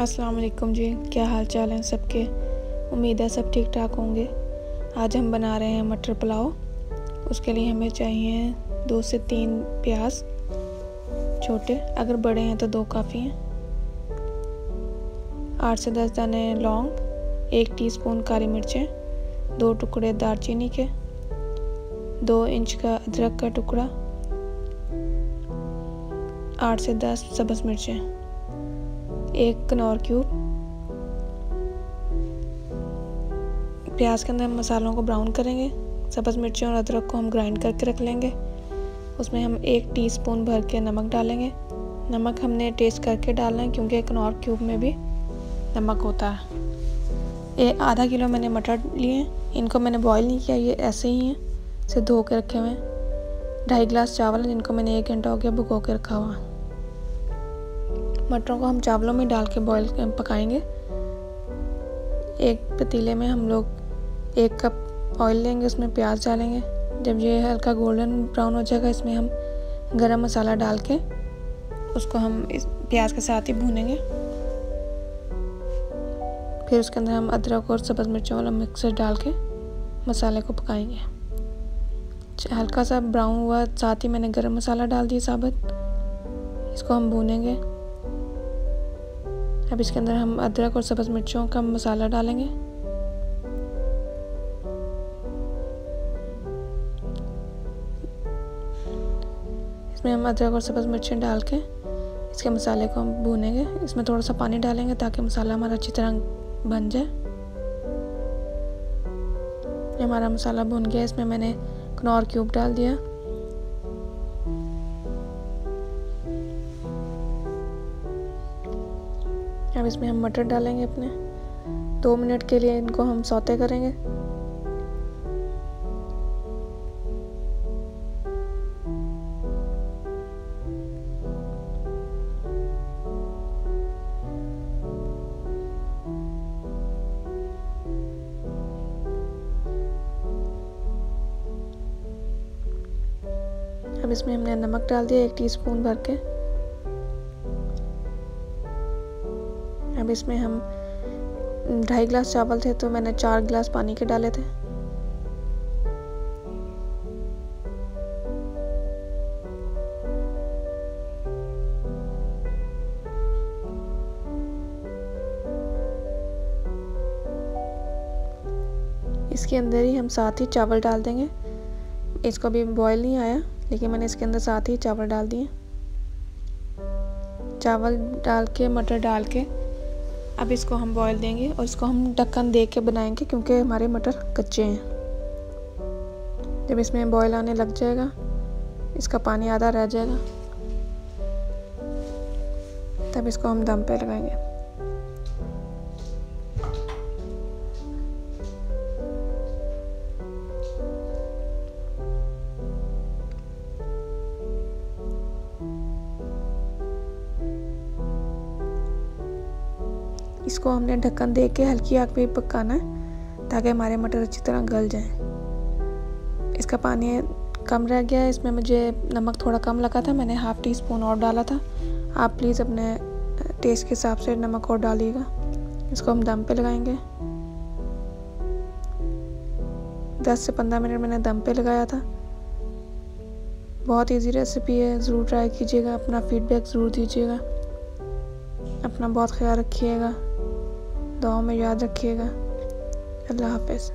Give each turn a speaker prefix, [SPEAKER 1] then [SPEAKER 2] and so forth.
[SPEAKER 1] अस्सलाम वालेकुम जी क्या हाल चाल हैं सबके उम्मीद है सब ठीक ठाक होंगे आज हम बना रहे हैं मटर पुलाव उसके लिए हमें चाहिए दो से तीन प्याज छोटे अगर बड़े हैं तो दो काफ़ी हैं आठ से दस दाने लौंग एक टीस्पून काली मिर्चें दो टुकड़े दालचीनी के दो इंच का अदरक का टुकड़ा आठ से दस सब्ज़ मिर्चें एक कनौर क्यूब प्याज के अंदर हम मसालों को ब्राउन करेंगे सब्ज़ मिर्ची और अदरक को हम ग्राइंड करके रख लेंगे उसमें हम एक टीस्पून भर के नमक डालेंगे नमक हमने टेस्ट करके डालना है क्योंकि कनौर क्यूब में भी नमक होता है ये आधा किलो मैंने मटर लिए इनको मैंने बॉईल नहीं किया ये ऐसे ही हैं इसे धो के रखे हुए हैं ढाई गिलास चावल जिनको मैंने एक घंटा हो गया भुगो के रखा हुआ मटरों को हम चावलों में डाल के बॉयल पकाएंगे एक पतीले में हम लोग एक कप ऑयल लेंगे उसमें प्याज डालेंगे जब ये हल्का गोल्डन ब्राउन हो जाएगा इसमें हम गरम मसाला डाल के उसको हम इस प्याज के साथ ही भूनेंगे फिर उसके अंदर हम अदरक और सब्ज़ मिर्चों वाला मिक्सर डाल के मसाले को पकाएंगे हल्का सा ब्राउन हुआ साथ ही मैंने गरम मसाला डाल दिया साबुत इसको हम भूनेंगे अब इसके अंदर हम अदरक और सब्ज़ मिर्चों का मसाला डालेंगे इसमें हम अदरक और सब्ज़ मिर्चें डाल के इसके मसाले को हम भूनेंगे इसमें थोड़ा सा पानी डालेंगे ताकि मसाला हमारा अच्छी तरह बन जाए हमारा मसाला भुन गया इसमें मैंने कनौर क्यूब डाल दिया अब इसमें हम मटर डालेंगे अपने दो मिनट के लिए इनको हम सौते करेंगे अब इसमें हमने नमक डाल दिया एक टीस्पून भर के अब इसमें हम ढाई गिलास चावल थे तो मैंने चार गिलास पानी के डाले थे इसके अंदर ही हम साथ ही चावल डाल देंगे इसको अभी बॉयल नहीं आया लेकिन मैंने इसके अंदर साथ ही चावल डाल दिए चावल डाल के मटर डाल के अब इसको हम बॉईल देंगे और इसको हम ढक्कन दे के बनाएंगे क्योंकि हमारे मटर कच्चे हैं जब इसमें बॉईल आने लग जाएगा इसका पानी आधा रह जाएगा तब इसको हम दम पे लगाएंगे इसको हमने ढक्कन दे के हल्की आग पे पकाना है ताकि हमारे मटर अच्छी तरह गल जाएं इसका पानी कम रह गया है इसमें मुझे नमक थोड़ा कम लगा था मैंने हाफ़ टी स्पून और डाला था आप प्लीज़ अपने टेस्ट के हिसाब से नमक और डालिएगा इसको हम दम पे लगाएंगे 10 से 15 मिनट मैंने दम पे लगाया था बहुत इजी रेसिपी है ज़रूर ट्राई कीजिएगा अपना फीडबैक ज़रूर दीजिएगा अपना बहुत ख्याल रखिएगा दुआ में याद रखिएगा अल्लाह हाफिज़